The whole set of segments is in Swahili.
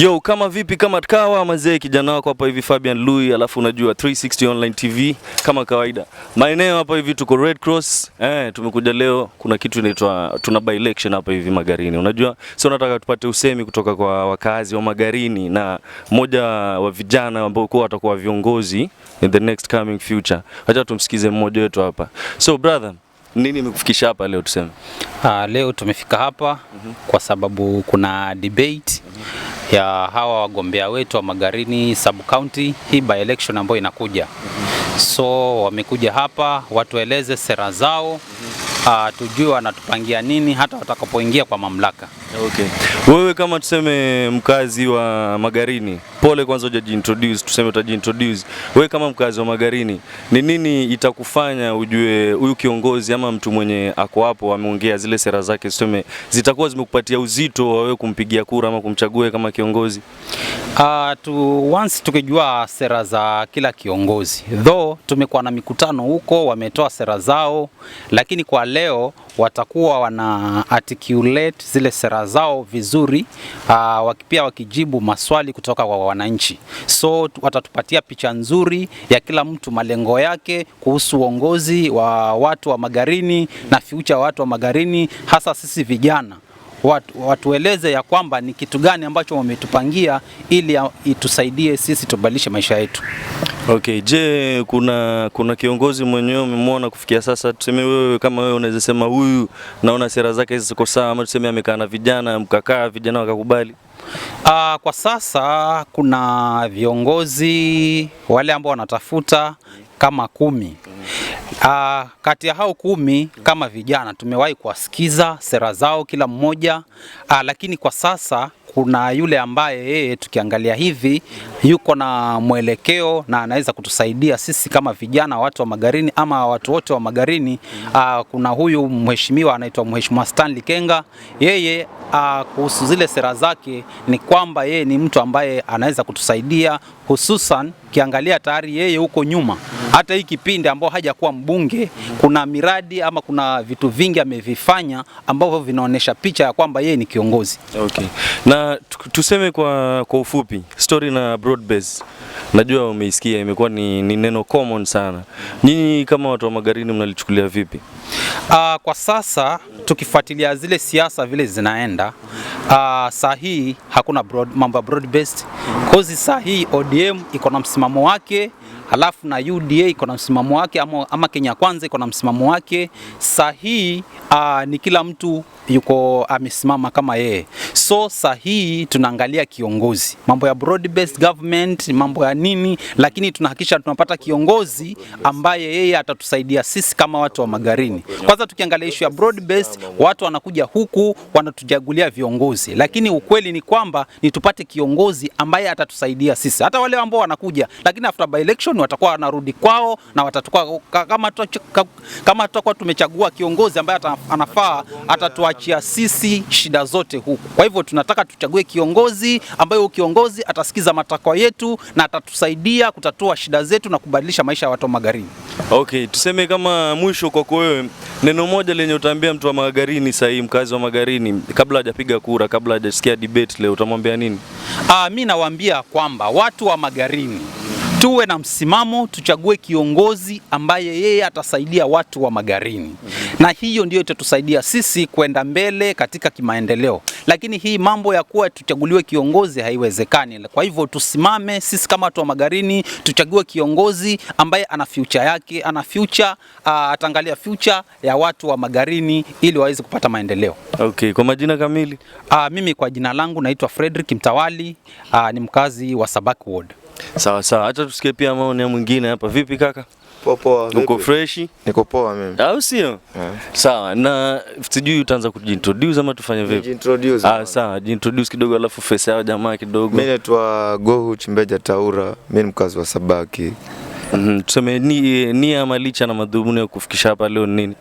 Yo, kama vipi kama kawa mazee, kijana wako hapa hivi Fabian Louis, alafu unajua 360 online TV kama kawaida, maeneo hapa hivi tuko Red Cross eh, tumekuja leo, kuna kitu inaitwa tuna by election hapa hivi Magarini. Unajua sio, nataka tupate usemi kutoka kwa wakazi wa Magarini na moja wa vijana ambao kwa watakuwa viongozi in the next coming future. Acha tumsikize mmoja wetu hapa. So brother, nini imekufikisha hapa leo tuseme? Ah, leo tumefika hapa mm -hmm. kwa sababu kuna debate mm -hmm ya hawa wagombea wetu wa Magarini sub county hii by election ambayo inakuja. So wamekuja hapa watueleze sera zao Uh, tujue wanatupangia nini hata watakapoingia kwa mamlaka. Okay. Wewe kama tuseme mkazi wa Magarini pole kwanza hujajiintroduce, tuseme utajiintroduce wewe kama mkazi wa Magarini, ni nini itakufanya ujue huyu kiongozi ama mtu mwenye ako hapo ameongea zile sera zake, tuseme zitakuwa zimekupatia uzito wa wewe kumpigia kura ama kumchagua kama kiongozi? Uh, tu, once tukijua sera za kila kiongozi, though tumekuwa na mikutano huko, wametoa sera zao, lakini kwa leo watakuwa wana articulate zile sera zao vizuri, uh, pia wakijibu maswali kutoka kwa wananchi. So watatupatia picha nzuri ya kila mtu, malengo yake kuhusu uongozi wa watu wa Magarini na future watu wa Magarini, hasa sisi vijana watueleze ya kwamba ni kitu gani ambacho wametupangia ili itusaidie sisi tubadilishe maisha yetu. Okay, je, kuna kuna kiongozi mwenyewe umemwona kufikia sasa? Tuseme wewe kama wewe unaweza sema huyu naona sera zake ziko sawa, ama tuseme amekaa na vijana mkakaa vijana wakakubali? Uh, kwa sasa kuna viongozi wale ambao wanatafuta kama kumi. Uh, kati ya hao kumi kama vijana tumewahi kuwasikiza sera zao kila mmoja uh, lakini kwa sasa kuna yule ambaye yeye tukiangalia hivi yuko na mwelekeo na anaweza kutusaidia sisi kama vijana watu wa Magarini ama watu wote wa Magarini. Mm. Aa, ah, kuna huyu mheshimiwa anaitwa Mheshimiwa Stanley Kenga, yeye ah, kuhusu zile sera zake ni kwamba yeye ni mtu ambaye anaweza kutusaidia hususan kiangalia tayari yeye huko nyuma mm. hata hii kipindi ambao hajakuwa mbunge, kuna miradi ama kuna vitu vingi amevifanya ambavyo vinaonyesha picha ya kwamba yeye ni kiongozi. Okay. Na tuseme kwa, kwa ufupi story na broad base, najua umeisikia, imekuwa ni, ni neno common sana. Nyinyi kama watu wa Magarini mnalichukulia vipi? Uh, kwa sasa tukifuatilia zile siasa vile zinaenda uh, saa hii hakuna broad, mambo ya broad based cause saa hii ODM iko na msimamo wake halafu na UDA iko na msimamo wake ama, ama Kenya Kwanza iko na msimamo wake saa hii uh, ni kila mtu yuko amesimama kama yeye. So sahihi tunaangalia kiongozi, mambo ya broad based government, mambo ya nini, lakini tunahakisha tunapata kiongozi ambaye yeye atatusaidia sisi kama watu wa Magarini. Kwanza tukiangalia ishu ya broad based, watu wanakuja huku wanatujagulia viongozi, lakini ukweli ni kwamba ni tupate kiongozi ambaye atatusaidia sisi, hata wale ambao wanakuja, lakini after by election watakuwa wanarudi kwao na watatukua, kama tutakuwa tumechagua kiongozi ambaye anafaa atatua kutuachia sisi shida zote huku. Kwa hivyo tunataka tuchague kiongozi ambaye huyo kiongozi atasikiza matakwa yetu na atatusaidia kutatua shida zetu na kubadilisha maisha ya watu wa Magarini. Okay, tuseme kama mwisho kwako wewe, neno moja lenye utaambia mtu wa Magarini sahihi mkazi wa Magarini, kabla hajapiga kura, kabla hajasikia debate leo, utamwambia nini? Ah, mimi nawaambia kwamba watu wa Magarini tuwe na msimamo, tuchague kiongozi ambaye yeye atasaidia watu wa Magarini mm -hmm. na hiyo ndiyo itatusaidia sisi kwenda mbele katika kimaendeleo, lakini hii mambo ya kuwa tuchaguliwe kiongozi haiwezekani. Kwa hivyo tusimame sisi kama watu wa Magarini, tuchague kiongozi ambaye ana future yake, ana future uh, ataangalia future ya watu wa Magarini ili waweze kupata maendeleo. Okay, kwa majina kamili. Uh, mimi kwa jina langu naitwa Frederick Mtawali, uh, ni mkazi wa Sabaki Ward. Sawa sawa, hata tusikie pia maoni ya mwingine hapa. Vipi kaka? Poa Uko fresh? Niko poa mimi. Au sio? Eh. Sawa. Na sijui utaanza kujintroduce ama tufanye vipi? Jintroduce. Ah, sawa, jintroduce kidogo alafu face yao jamaa kidogo. Mimi naitwa Gohu Chimbeja Taura, mimi ni mkazi wa Sabaki. Mm, tuseme ni ama licha na madhumuni ya kufikisha hapa leo nini?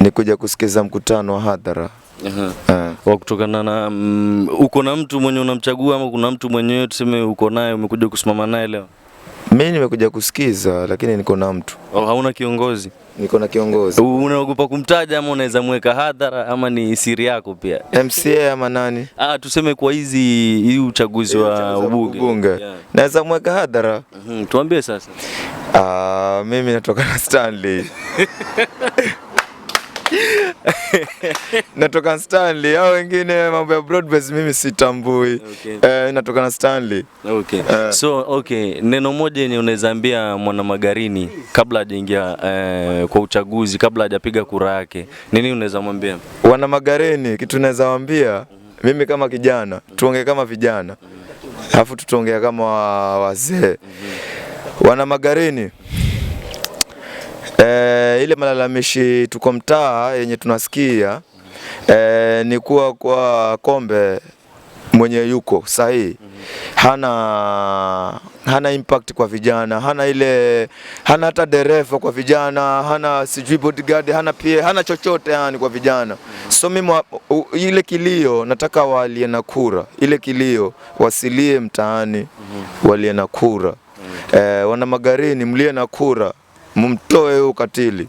Ni kuja kusikiza mkutano wa hadhara Eh, wakutokana kutokana na mm, uko na mtu mwenye unamchagua ama kuna mtu mwenyewe tuseme uko naye umekuja kusimama naye leo? Mi nimekuja kusikiza, lakini niko na mtu. Oh, hauna kiongozi? Niko na kiongozi. Unaogopa kumtaja ama unaweza mweka hadhara ama ni siri yako pia? MCA ama nani? Ah, tuseme kwa hizi hii uchaguzi wa ubunge. Naweza mweka hadhara. Mm -hmm. Tuambie sasa. Ah, mimi natoka na Stanley. natoka Stanley au wengine mambo ya broadbase mimi sitambui. Okay. Eh, natoka na Stanley. Okay. Eh. So okay, neno moja yenye unaweza ambia mwana Magarini kabla hajaingia eh, kwa uchaguzi, kabla hajapiga kura yake, nini unaweza mwambia wana Magarini? Kitu naweza mwambia mimi kama kijana, tuongee kama vijana alafu tutaongea kama wazee. Mhm. Wana Magarini Eh, ile malalamishi tuko mtaa yenye tunasikia eh, ni kuwa kwa kombe mwenye yuko sahihi hana hana impact kwa vijana, hana ile hana hata dereva kwa vijana, hana sijui bodyguard, hana pia hana chochote yani kwa vijana. So mimi ile kilio nataka walie na kura, ile kilio wasilie mtaani, walie na kura. Eh, wana Magarini, mlie na kura mumtoe huyu ukatili,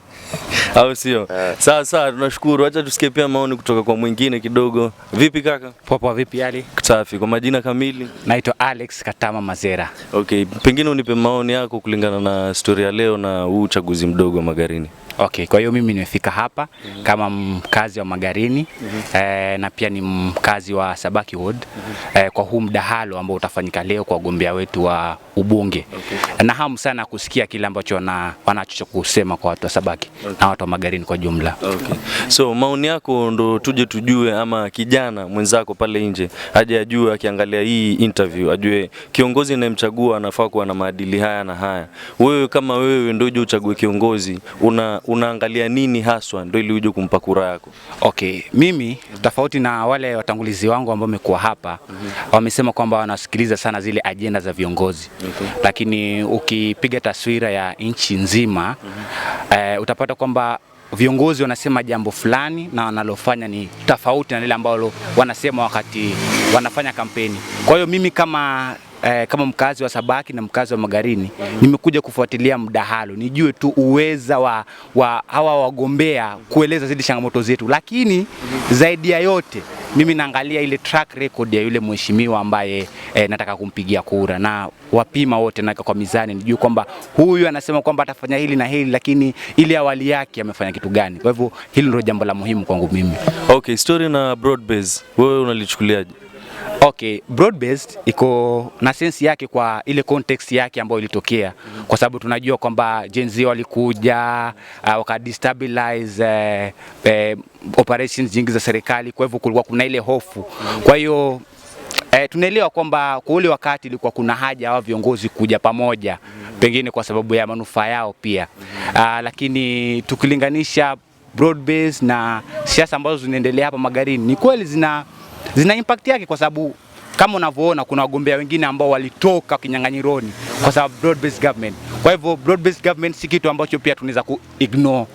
au sio? Eh. Sawa sawa, tunashukuru. Acha tusikie pia maoni kutoka kwa mwingine kidogo. Vipi kaka? Popo Vipi hali? Safi. Kwa majina kamili naitwa Alex Katama Mazera. Okay, pengine unipe maoni yako kulingana na historia ya leo na huu uchaguzi mdogo Magarini. Okay, kwa hiyo mimi nimefika hapa mm -hmm. kama mkazi wa Magarini mm -hmm. eh, na pia ni mkazi wa Sabaki Ward mm -hmm. eh, kwa huu mdahalo ambao utafanyika leo kwa wagombea wetu wa ubunge okay. na hamu sana kusikia kile ambacho wana, wanacho kusema kwa watu wa Sabaki okay. na watu wa Magarini kwa jumla okay. So maoni yako ndo tuje tujue, ama kijana mwenzako pale nje aje ajue, akiangalia hii interview ajue kiongozi anayemchagua anafaa kuwa na maadili haya na haya. Wewe kama wewe ndio uje uchague kiongozi una unaangalia nini haswa ndio ili uje kumpa kura yako? Okay, mimi tofauti na wale watangulizi wangu ambao wamekuwa hapa mm -hmm. wamesema kwamba wanasikiliza sana zile ajenda za viongozi okay. Lakini ukipiga taswira ya nchi nzima mm -hmm. eh, utapata kwamba viongozi wanasema jambo fulani na wanalofanya ni tofauti na lile ambalo wanasema wakati wanafanya kampeni. Kwa hiyo mimi kama eh, kama mkazi wa Sabaki na mkazi wa Magarini mm -hmm. nimekuja kufuatilia mdahalo nijue tu uweza wa, wa hawa wagombea kueleza zile changamoto zetu, lakini mm -hmm. zaidi ya yote mimi naangalia ile track record ya yule mheshimiwa ambaye eh, nataka kumpigia kura na wapima wote naweka kwa mizani, nijue kwamba huyu anasema kwamba atafanya hili na hili, lakini ile awali yake amefanya kitu gani? Kwa hivyo hilo ndio jambo la muhimu kwangu mimi. Okay, story na broad base, wewe unalichukuliaje? Okay, broad based iko na sensi yake kwa ile context yake ambayo ilitokea, kwa sababu tunajua kwamba Gen Z walikuja uh, wakadestabilize uh, uh, operations nyingi za serikali, kwa hivyo kulikuwa kuna ile hofu, kwa hiyo Eh, tunaelewa kwamba kwa ule wakati ilikuwa kuna haja wa viongozi kuja pamoja pengine kwa sababu ya manufaa yao pia. Aa, ah, lakini tukilinganisha broad base na siasa ambazo zinaendelea hapa Magarini ni kweli zina zina impact yake, kwa sababu kama unavyoona kuna wagombea wengine ambao walitoka kinyang'anyironi kwa sababu broad based government. Kwa hivyo broad based government si kitu ambacho pia tunaweza ku ignore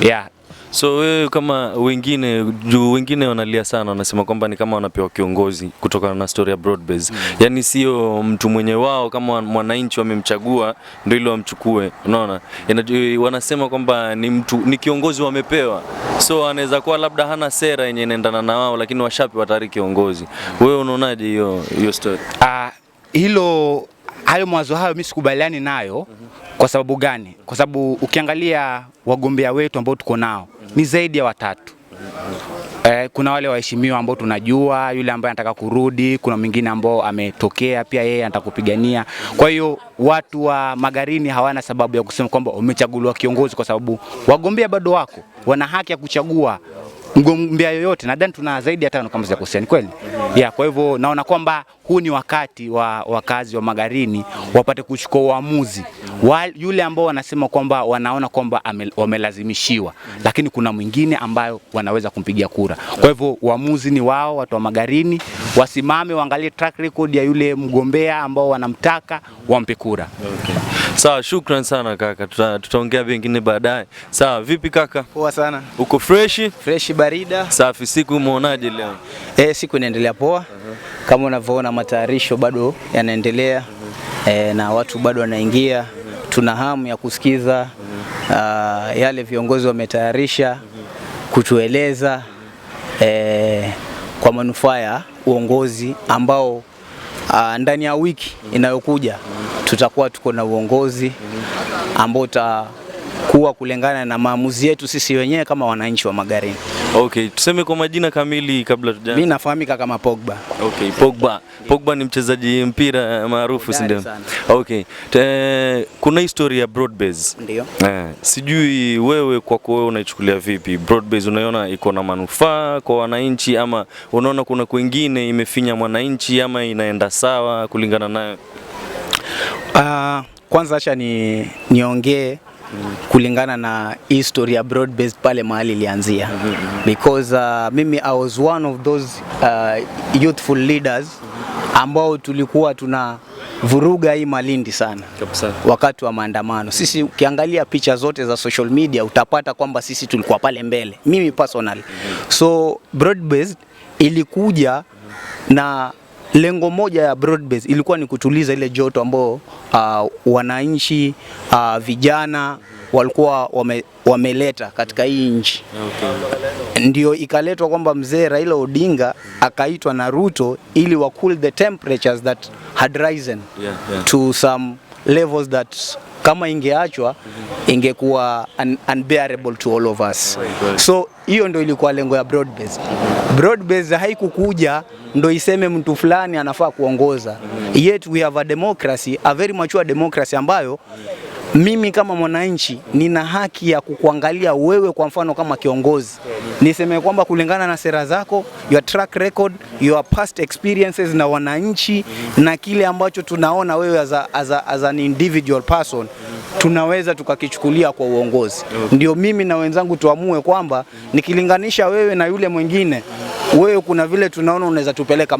yeah. So wewe kama wengine juu wengine wanalia sana, wanasema kwamba ni kama wanapewa kiongozi kutokana na story ya Broadbase. Mm. Yaani sio mtu mwenye wao kama mwananchi wamemchagua ndio ile wamchukue. Unaona? Wanasema kwamba ni mtu ni kiongozi wamepewa. So anaweza kuwa labda hana sera yenye inaendana na wao lakini washapi watari kiongozi. Wewe unaonaje hiyo hiyo story? Ah, hilo hayo mawazo hayo mimi sikubaliani nayo. Mm -hmm. Kwa sababu gani? Kwa sababu ukiangalia wagombea wetu ambao tuko nao ni zaidi ya watatu. Eh, kuna wale waheshimiwa ambao tunajua, yule ambaye anataka kurudi, kuna mwingine ambao ametokea pia yeye anataka kupigania. Kwa hiyo watu wa Magarini hawana sababu ya kusema kwamba umechaguliwa kiongozi, kwa sababu wagombea bado wako, wana haki ya kuchagua mgombea yoyote, nadhani tuna zaidi ya tano kama sikosea, kweli ya. Kwa hivyo naona kwamba huu ni wakati wa wakazi wa Magarini wapate kuchukua uamuzi wa yule ambao wanasema kwamba wanaona kwamba wamelazimishiwa, lakini kuna mwingine ambayo wanaweza kumpigia kura. Kwa hivyo uamuzi ni wao, watu wa Magarini wasimame, waangalie track record ya yule mgombea ambao wanamtaka, wampe kura okay. Sawa, shukran sana kaka, tutaongea vingine baadaye. Sawa, vipi kaka? Poa sana. Uko fresh? Fresh barida. Safi, siku umeonaje leo? Eh, siku inaendelea poa. uh -huh. Kama unavyoona matayarisho bado yanaendelea. uh -huh. E, eh, na watu bado wanaingia. uh -huh. Tuna hamu ya kusikiza uh -huh. uh, ah, yale viongozi wametayarisha kutueleza uh eh, -huh. e, kwa manufaa ya uongozi ambao uh, ndani ya wiki uh-huh. inayokuja uh -huh tutakuwa tuko na uongozi ambao utakuwa kulingana na maamuzi yetu sisi wenyewe kama wananchi wa Magarini. Okay, tuseme kwa majina kamili kabla tuja. Mimi nafahamika kama Pogba. Okay, Pogba. Pogba ni mchezaji mpira maarufu, si ndio? Okay. Te, kuna historia ya Broadbase. Ndio. Eh, sijui wewe kwako wewe unaichukulia vipi? Broadbase unaiona iko na manufaa kwa wananchi ama unaona kuna kwingine imefinya mwananchi ama inaenda sawa kulingana nayo? Uh, kwanza acha ni niongee kulingana na history ya broad based pale mahali ilianzia because uh, mimi I was one of those uh, youthful leaders ambao tulikuwa tuna vuruga hii Malindi sana wakati wa maandamano. Sisi ukiangalia picha zote za social media utapata kwamba sisi tulikuwa pale mbele, mimi personal. So broad based ilikuja na Lengo moja ya Broadbase ilikuwa ni kutuliza ile joto ambao uh, wananchi uh, vijana walikuwa wame, wameleta katika hii nchi okay. Ndio ikaletwa kwamba mzee Raila Odinga akaitwa na Ruto ili wa cool the temperatures that had risen yeah, yeah. to some levels that kama ingeachwa mm-hmm. ingekuwa un unbearable to all of us. So hiyo ndio ilikuwa lengo ya Broadbase. Broadbase haikukuja ndo iseme mtu fulani anafaa kuongoza. Yet we have a democracy, a very mature democracy ambayo mimi kama mwananchi nina haki ya kukuangalia wewe, kwa mfano kama kiongozi, niseme kwamba kulingana na sera zako, your track record, your past experiences na wananchi na kile ambacho tunaona wewe as, a, as, a, as an individual person tunaweza tukakichukulia kwa uongozi. Ndio mimi na wenzangu tuamue kwamba nikilinganisha wewe na yule mwingine wewe kuna vile tunaona unaweza tupeleka